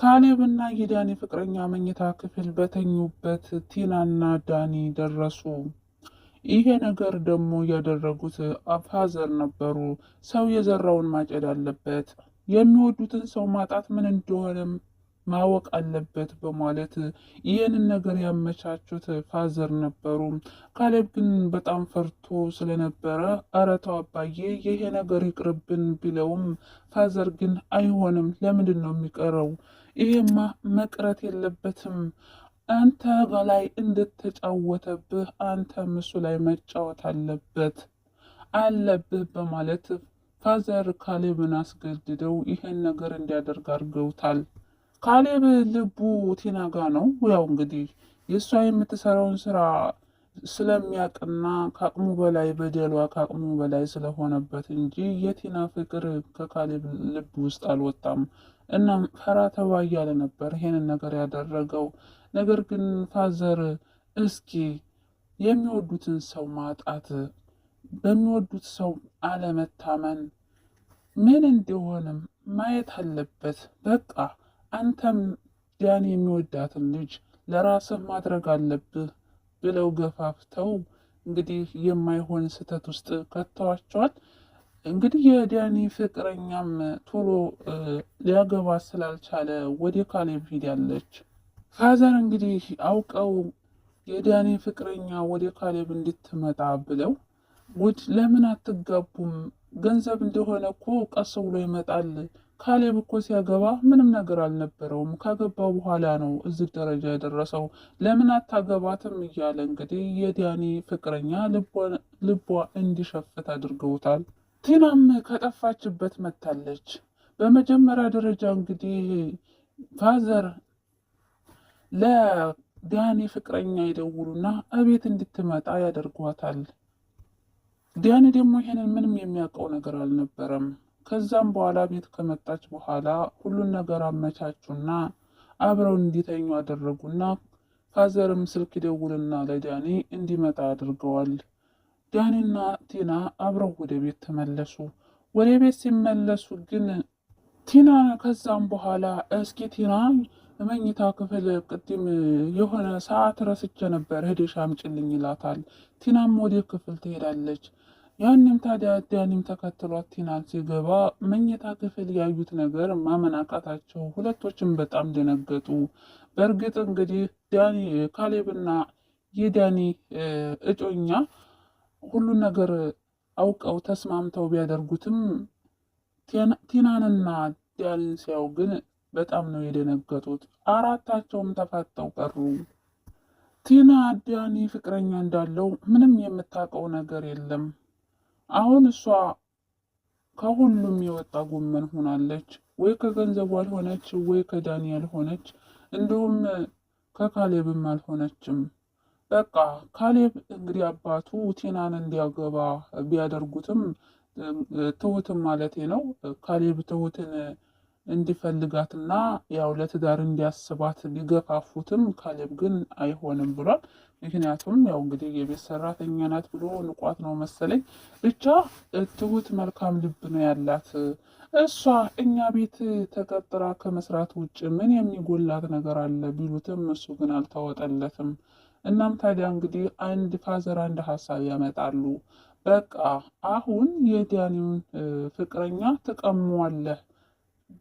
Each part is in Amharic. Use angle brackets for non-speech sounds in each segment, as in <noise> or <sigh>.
ካሌብና የዳኒ ፍቅረኛ መኝታ ክፍል በተኙበት ቲናና ዳኒ ደረሱ። ይሄ ነገር ደግሞ ያደረጉት አፋዘር ነበሩ። ሰው የዘራውን ማጨድ አለበት፣ የሚወዱትን ሰው ማጣት ምን እንደሆነም ማወቅ አለበት በማለት ይህንን ነገር ያመቻቹት ፋዘር ነበሩ። ካሌብ ግን በጣም ፈርቶ ስለነበረ አረታው አባዬ ይሄ ነገር ይቅርብን ቢለውም ፋዘር ግን አይሆንም፣ ለምንድን ነው የሚቀረው ይሄማ መቅረት የለበትም። አንተ በላይ እንደተጫወተብህ አንተ ምሱ ላይ መጫወት አለበት አለብህ በማለት ፋዘር ካሌብን አስገድደው ይህን ነገር እንዲያደርግ አድርገውታል። ካሌብ ልቡ ቲናጋ ነው። ያው እንግዲህ የእሷ የምትሰራውን ስራ ስለሚያቅና ከአቅሙ በላይ በደሏ ከአቅሙ በላይ ስለሆነበት እንጂ የቲና ፍቅር ከካሌብ ልብ ውስጥ አልወጣም። እናም ፈራ ተባ እያለ ነበር ይሄንን ነገር ያደረገው። ነገር ግን ፋዘር እስኪ የሚወዱትን ሰው ማጣት፣ በሚወዱት ሰው አለመታመን ምን እንደሆነም ማየት አለበት። በቃ አንተም ዲያን የሚወዳትን ልጅ ለራስህ ማድረግ አለብህ ብለው ገፋፍተው እንግዲህ የማይሆን ስህተት ውስጥ ከተዋቸዋል። እንግዲህ የዳኒ ፍቅረኛም ቶሎ ሊያገባ ስላልቻለ ወደ ካሌብ ሂዳለች ፋዘር እንግዲህ አውቀው የዳኒ ፍቅረኛ ወደ ካሌብ እንድትመጣ ብለው ውድ ለምን አትጋቡም? ገንዘብ እንደሆነ እኮ ቀስ ብሎ ይመጣል ካሌብ እኮ ሲያገባ ምንም ነገር አልነበረውም። ካገባው በኋላ ነው እዚህ ደረጃ የደረሰው። ለምን አታገባትም እያለ እንግዲህ የዳኒ ፍቅረኛ ልቧ እንዲሸፍት አድርገውታል። ቲናም ከጠፋችበት መታለች። በመጀመሪያ ደረጃ እንግዲህ ፋዘር ለዳኒ ፍቅረኛ ይደውሉና እቤት እንድትመጣ ያደርጓታል። ዳኒ ደግሞ ይሄንን ምንም የሚያውቀው ነገር አልነበረም። ከዛም በኋላ ቤት ከመጣች በኋላ ሁሉን ነገር አመቻቹና አብረው እንዲተኙ አደረጉና ፋዘርም ስልክ ደውልና ለዳኒ እንዲመጣ አድርገዋል። ዳኒና ቲና አብረው ወደ ቤት ተመለሱ። ወደ ቤት ሲመለሱ ግን ቲና ከዛም በኋላ እስኪ ቲና መኝታ ክፍል ቅድም የሆነ ሰዓት ረስቼ ነበር ሄደሽ አምጪልኝ ይላታል። ቲናም ወደ ክፍል ትሄዳለች። ያንም ታዲያ ዳኒም ተከትሏት ቲናን ሲገባ መኝታ ክፍል ያዩት ነገር ማመናቃታቸው ሁለቶችም በጣም ደነገጡ። በእርግጥ እንግዲህ ዳኒ ካሌብና የዳኒ እጮኛ ሁሉን ነገር አውቀው ተስማምተው ቢያደርጉትም ቲናንና ዳኒን ሲያው ግን በጣም ነው የደነገጡት። አራታቸውም ተፋጠው ቀሩ። ቲና ዳኒ ፍቅረኛ እንዳለው ምንም የምታውቀው ነገር የለም። አሁን እሷ ከሁሉም የወጣ ጎመን ሆናለች። ወይ ከገንዘቡ አልሆነች፣ ወይ ከዳንኤል ሆነች፣ እንዲሁም ከካሌብም አልሆነችም። በቃ ካሌብ እንግዲህ አባቱ ቴናን እንዲያገባ ቢያደርጉትም ትሁትን ማለቴ ነው ካሌብ ትሁትን እንዲፈልጋትና ያው ለትዳር እንዲያስባት ሊገፋፉትም ካሌብ ግን አይሆንም ብሏል። ምክንያቱም ያው እንግዲህ የቤት ሰራተኛ ናት ብሎ ንቋት ነው መሰለኝ። ብቻ ትሁት መልካም ልብ ነው ያላት። እሷ እኛ ቤት ተቀጥራ ከመስራት ውጭ ምን የሚጎላት ነገር አለ ቢሉትም እሱ ግን አልተወጠለትም። እናም ታዲያ እንግዲህ አንድ ፋዘር አንድ ሀሳብ ያመጣሉ። በቃ አሁን የዲያኒውን ፍቅረኛ ትቀሟለህ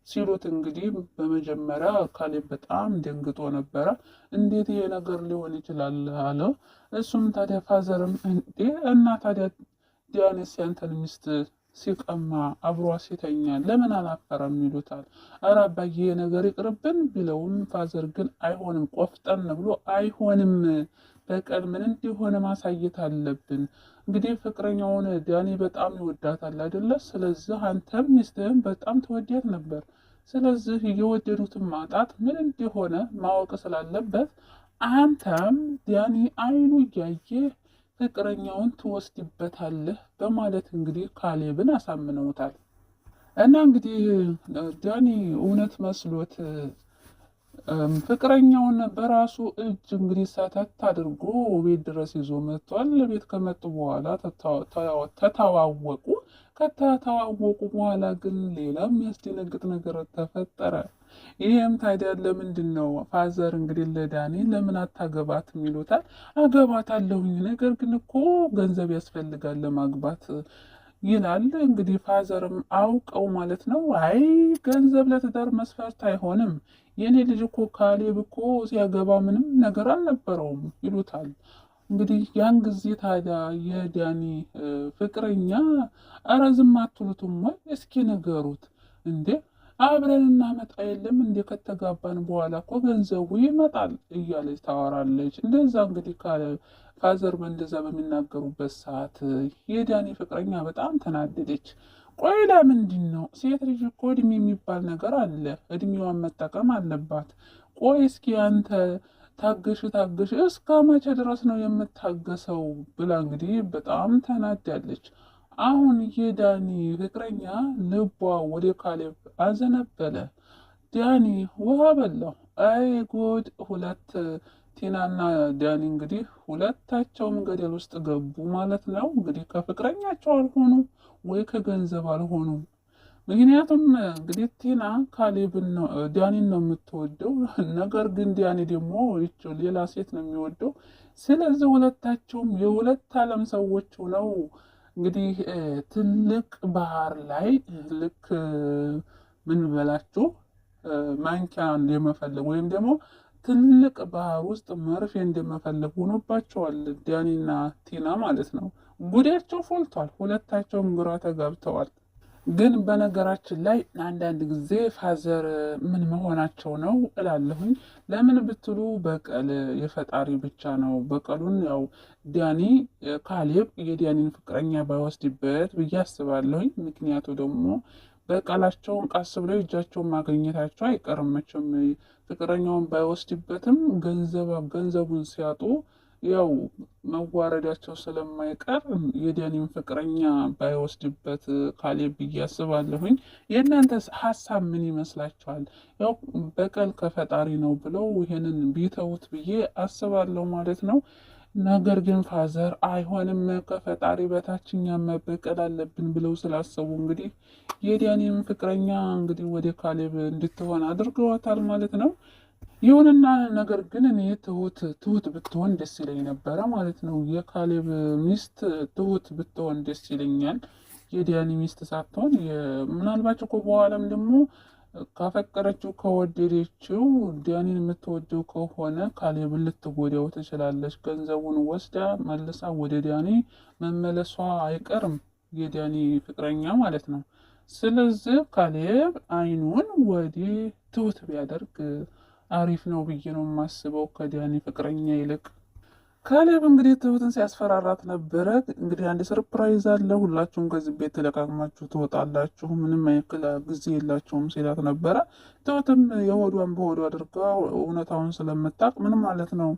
ሲሉት እንግዲህ በመጀመሪያ ካሌብ በጣም ደንግጦ ነበረ። እንዴት ይሄ ነገር ሊሆን ይችላል አለው። እሱም ታዲያ ፋዘርም እንዴ እና ታዲያ ዲያኔስ ያንተን ሚስት ሲቀማ አብሯ ሲተኛ ለምን አላፈረም ይሉታል። ኧረ አባዬ ነገር ይቅርብን ቢለውም ፋዘር ግን አይሆንም፣ ቆፍጠን ብሎ አይሆንም በቀል ምን እንዲሆነ ማሳየት አለብን። እንግዲህ ፍቅረኛውን ዳኒ በጣም ይወዳታል አይደለ? ስለዚህ አንተም ሚስትህን በጣም ተወዳት ነበር። ስለዚህ የወደዱትን ማጣት ምን እንደሆነ ማወቅ ስላለበት አንተም ዳኒ አይኑ እያየ ፍቅረኛውን ትወስድበታለህ በማለት እንግዲህ ካሌብን አሳምነውታል። እና እንግዲህ ዳኒ እውነት መስሎት ፍቅረኛውን በራሱ እጅ እንግዲህ ሰተት አድርጎ ቤት ድረስ ይዞ መጥቷል። ቤት ከመጡ በኋላ ተተዋወቁ። ከተዋወቁ በኋላ ግን ሌላ የሚያስደነግጥ ነገር ተፈጠረ። ይህም ታዲያ ለምንድን ነው ፋዘር እንግዲህ ለዳኔ ለምን አታገባትም ይሉታል። አገባታለሁኝ ነገር ግን እኮ ገንዘብ ያስፈልጋል ለማግባት ይላል። እንግዲህ ፋዘርም አውቀው ማለት ነው አይ ገንዘብ ለትዳር መስፈርት አይሆንም፣ የኔ ልጅ እኮ ካሌብ እኮ ሲያገባ ምንም ነገር አልነበረውም ይሉታል። እንግዲህ ያን ጊዜ ታዲያ የዳኒ ፍቅረኛ ኧረ ዝም አትሉትም ወይ? እስኪ ንገሩት እንዴ አብረን እናመጣ የለም እንዴ ከተጋባን በኋላ እኮ ገንዘቡ ይመጣል እያለች ታወራለች። እንደዛ እንግዲህ ፋዘር በእንደዛ በሚናገሩበት ሰዓት የዳኒ ፍቅረኛ በጣም ተናደደች። ቆይ ለምንድን ነው ሴት ልጅ እኮ እድሜ የሚባል ነገር አለ፣ እድሜዋን መጠቀም አለባት። ቆይ እስኪ አንተ ታገሽ ታገሽ እስከ መቼ ድረስ ነው የምታገሰው? ብላ እንግዲህ በጣም ተናዳለች። አሁን የዳኒ ፍቅረኛ ልቧ ወደ ካሌብ አዘነበለ። ዳኒ ውሃ በላው። አይ ጉድ! ሁለት ቲናና ዳኒ እንግዲህ ሁለታቸውም ገደል ውስጥ ገቡ ማለት ነው። እንግዲህ ከፍቅረኛቸው አልሆኑ ወይ ከገንዘብ አልሆኑ ምክንያቱም እንግዲህ ቲና ካሌብን ዲያኒን ነው የምትወደው። <laughs> ነገር ግን ዲያኒ ደግሞ ሌላ ሴት ነው የሚወደው። ስለዚህ ሁለታቸውም የሁለት ዓለም ሰዎች ሆነው እንግዲህ ትልቅ ባህር ላይ ልክ ምን በላችሁ ማንኪያን የመፈለግ ወይም ደግሞ ትልቅ ባህር ውስጥ መርፌ እንደመፈለግ ሆኖባቸዋል፣ ዲያኒና ቲና ማለት ነው። ጉዳያቸው ፎልቷል። ሁለታቸውም ግራ ተጋብተዋል። ግን በነገራችን ላይ አንዳንድ ጊዜ ፋዘር ምን መሆናቸው ነው እላለሁኝ። ለምን ብትሉ በቀል የፈጣሪ ብቻ ነው። በቀሉን ያው ዲያኒ ካሌብ የዲያኒን ፍቅረኛ ባይወስድበት ብዬ አስባለሁኝ። ምክንያቱ ደግሞ በቀላቸውን ቃስ ብለው እጃቸውን ማግኘታቸው አይቀርም መቼም ፍቅረኛውን ባይወስድበትም ገንዘቡን ሲያጡ ያው መዋረዳቸው ስለማይቀር የዳኒም ፍቅረኛ ባይወስድበት ካሌ ብዬ አስባለሁኝ። የእናንተ ሀሳብ ምን ይመስላችኋል? ያው በቀል ከፈጣሪ ነው ብለው ይህንን ቢተውት ብዬ አስባለሁ ማለት ነው። ነገር ግን ፋዘር አይሆንም ከፈጣሪ በታችኛ መበቀል አለብን ብለው ስላሰቡ እንግዲህ የዳኒም ፍቅረኛ እንግዲህ ወደ ካሌብ እንድትሆን አድርገዋታል ማለት ነው። ይሁንና ነገር ግን እኔ ትሁት ትሁት ብትሆን ደስ ይለኝ ነበረ ማለት ነው። የካሌብ ሚስት ትሁት ብትሆን ደስ ይለኛል። የዲያኒ ሚስት ሳትሆን ምናልባት እኮ በኋላም ደግሞ ካፈቀረችው ከወደደችው ዲያኒን የምትወደው ከሆነ ካሌብን ልትጎዳው ትችላለች። ገንዘቡን ወስዳ መልሳ ወደ ዲያኒ መመለሷ አይቀርም፣ የዲያኒ ፍቅረኛ ማለት ነው። ስለዚህ ካሌብ አይኑን ወዲህ ትሁት ቢያደርግ አሪፍ ነው ብዬ ነው የማስበው ከዲያኔ ፍቅረኛ ይልቅ። ካሌብ እንግዲህ ትሁትን ሲያስፈራራት ነበረ። እንግዲህ አንድ ሰርፕራይዝ አለ፣ ሁላችሁም ከዚህ ቤት ተለቃቅማችሁ ትወጣላችሁ፣ ምንም ያክል ጊዜ የላችሁም ሲላት ነበረ። ትሁትም የሆዷን በሆዷ አድርጋ እውነታውን ስለምታቅ ምን ማለት ነው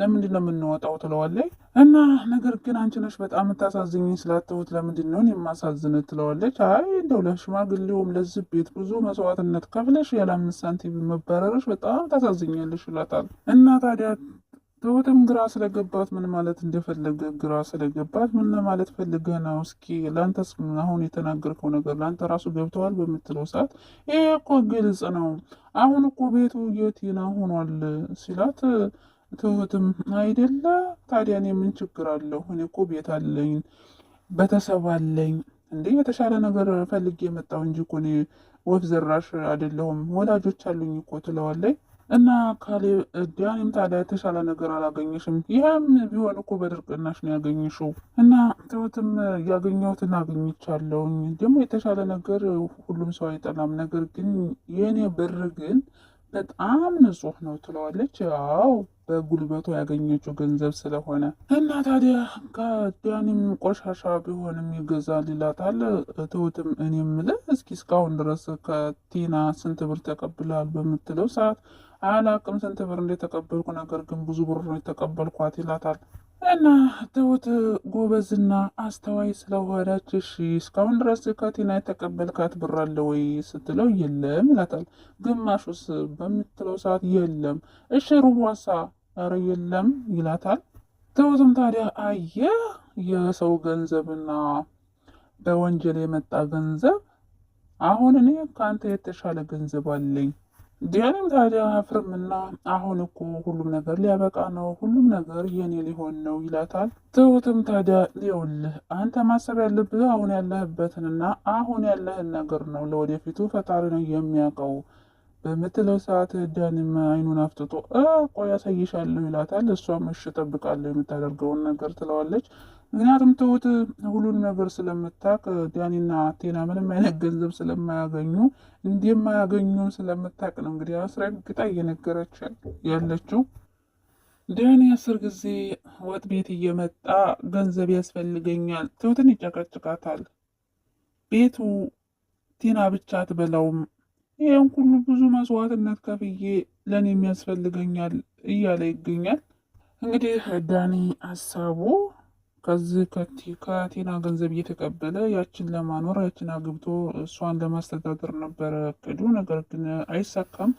ለምንድን ነው የምንወጣው ትለዋለች። እና ነገር ግን አንቺ ነሽ በጣም የምታሳዝኝ ስላተሁት ለምንድን ነው የማሳዝን ትለዋለች። አይ እንደው ለሽማግሌውም ለዚህ ቤት ብዙ መስዋዕትነት ከፍለሽ ያለ ሳንቲም መባረርሽ በጣም ታሳዝኛለሽ ይላታል። እና ታዲያ ትሁትም ግራ ስለገባት ምን ማለት እንደፈለገ ግራ ስለገባት ምን ለማለት ፈልገ ነው? እስኪ ለአንተ አሁን የተናገርከው ነገር ለአንተ ራሱ ገብተዋል በምትለው ሰዓት ይሄ እኮ ግልጽ ነው። አሁን እኮ ቤቱ የቲና ሆኗል ሲላት ትሁትም አይደለ ታዲያ እኔ ምን ችግር አለሁ? እኔ እኮ ቤት አለኝ፣ ቤተሰብ አለኝ። እንዴ የተሻለ ነገር ፈልጌ የመጣው እንጂ እኮ እኔ ወፍ ዘራሽ አይደለሁም፣ ወላጆች አሉኝ እኮ ትለዋለች። እና ካሌ እዲያኔም ታዲያ የተሻለ ነገር አላገኘሽም፣ ይህም ቢሆን እኮ በድርቅናሽ ነው ያገኘሽው። እና ትሁትም ያገኘሁትን አግኝቻለሁኝ፣ ደግሞ የተሻለ ነገር ሁሉም ሰው አይጠላም፣ ነገር ግን የእኔ ብር ግን በጣም ንጹህ ነው ትለዋለች። ያው በጉልበቷ ያገኘችው ገንዘብ ስለሆነ እና ታዲያ ከዳኒም ቆሻሻ ቢሆንም ይገዛል ይላታል። ትሁትም እኔ የምልህ እስኪ እስካሁን ድረስ ከቲና ስንት ብር ተቀብላል በምትለው ሰዓት አላቅም ስንት ብር እንደተቀበልኩ ነገር ግን ብዙ ብር ነው የተቀበልኳት ይላታል። እና ትሁት ጎበዝና አስተዋይ ስለሆነች እሺ እስካሁን ድረስ ከቲና የተቀበልካት ብር አለ ወይ ስትለው የለም ይላታል። ግማሹስ በምትለው ሰዓት የለም። እሺ ሩቧሳ አረ የለም ይላታል። ትሁትም ታዲያ አየህ የሰው ገንዘብና በወንጀል የመጣ ገንዘብ አሁን እኔ ከአንተ የተሻለ ገንዘብ አለኝ። ዲያኔም ታዲያ አፍርምና አሁን እኮ ሁሉም ነገር ሊያበቃ ነው፣ ሁሉም ነገር የኔ ሊሆን ነው ይላታል። ትሁትም ታዲያ ሊውልህ አንተ ማሰብ ያለብህ አሁን ያለህበትንና አሁን ያለህን ነገር ነው። ለወደፊቱ ፈጣሪ ነው የሚያውቀው። በምትለው ሰዓት ዳኒም አይኑን አፍጥጦ ቆይ ያሳይሻለሁ ይላታል። እሷም እሽ ጠብቃለሁ የምታደርገውን ነገር ትለዋለች። ምክንያቱም ትሁት ሁሉን ነገር ስለምታቅ ዳኒና ቴና ምንም አይነት ገንዘብ ስለማያገኙ እንደማያገኙም ስለምታቅ ነው እንግዲህ አስረግጣ እየነገረች ያለችው። ዳኒ አስር ጊዜ ወጥ ቤት እየመጣ ገንዘብ ያስፈልገኛል፣ ትሁትን ይጨቀጭቃታል። ቤቱ ቴና ብቻ አትበላውም ይህም ሁሉ ብዙ መስዋዕትነት ከፍዬ ለእኔ የሚያስፈልገኛል እያለ ይገኛል። እንግዲህ ዳኒ ሀሳቡ ከዚህ ከቴና ገንዘብ እየተቀበለ ያችን ለማኖር ያችን አግብቶ እሷን ለማስተዳደር ነበረ እቅዱ። ነገር ግን አይሳካም፣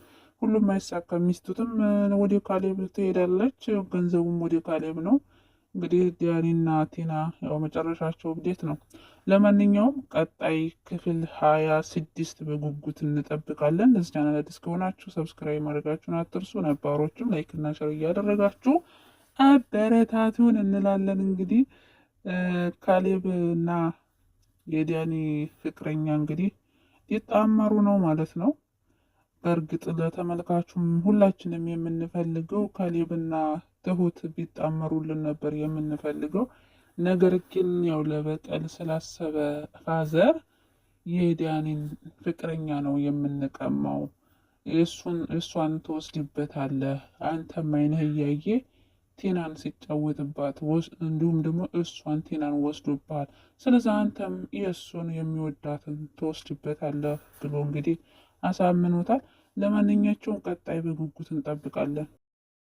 ሁሉም አይሳካም። ሚስቱትም ወደ ካሌብ ትሄዳለች፣ ገንዘቡም ወደ ካሌብ ነው። እንግዲህ ዲያኒና ቲና ያው መጨረሻቸው እንዴት ነው? ለማንኛውም ቀጣይ ክፍል ሀያ ስድስት በጉጉት እንጠብቃለን። ለዚህ ቻናል አዲስ ከሆናችሁ ሰብስክራይብ ማድረጋችሁን አትርሱ። ነባሮችም ላይክና ሸር እያደረጋችሁ አበረታቱን እንላለን። እንግዲህ ካሌብ እና የዲያኒ ፍቅረኛ እንግዲህ ሊጣመሩ ነው ማለት ነው። በእርግጥ ለተመልካቹም ሁላችንም የምንፈልገው ካሌብና ትሁት ቢጣመሩልን ነበር የምንፈልገው። ነገር ግን ያው ለበቀል ስላሰበ ፋዘር የዲያኔን ፍቅረኛ ነው የምንቀማው፣ እሷን ትወስድበታለህ አንተም አይነህ እያየ ቴናን ሲጫወትባት እንዲሁም ደግሞ እሷን ቴናን ወስዶባል ስለዚህ አንተም የእሱን የሚወዳትን ትወስድበታለህ ብሎ እንግዲህ አሳምኖታል። ለማንኛቸውም ቀጣይ በጉጉት እንጠብቃለን።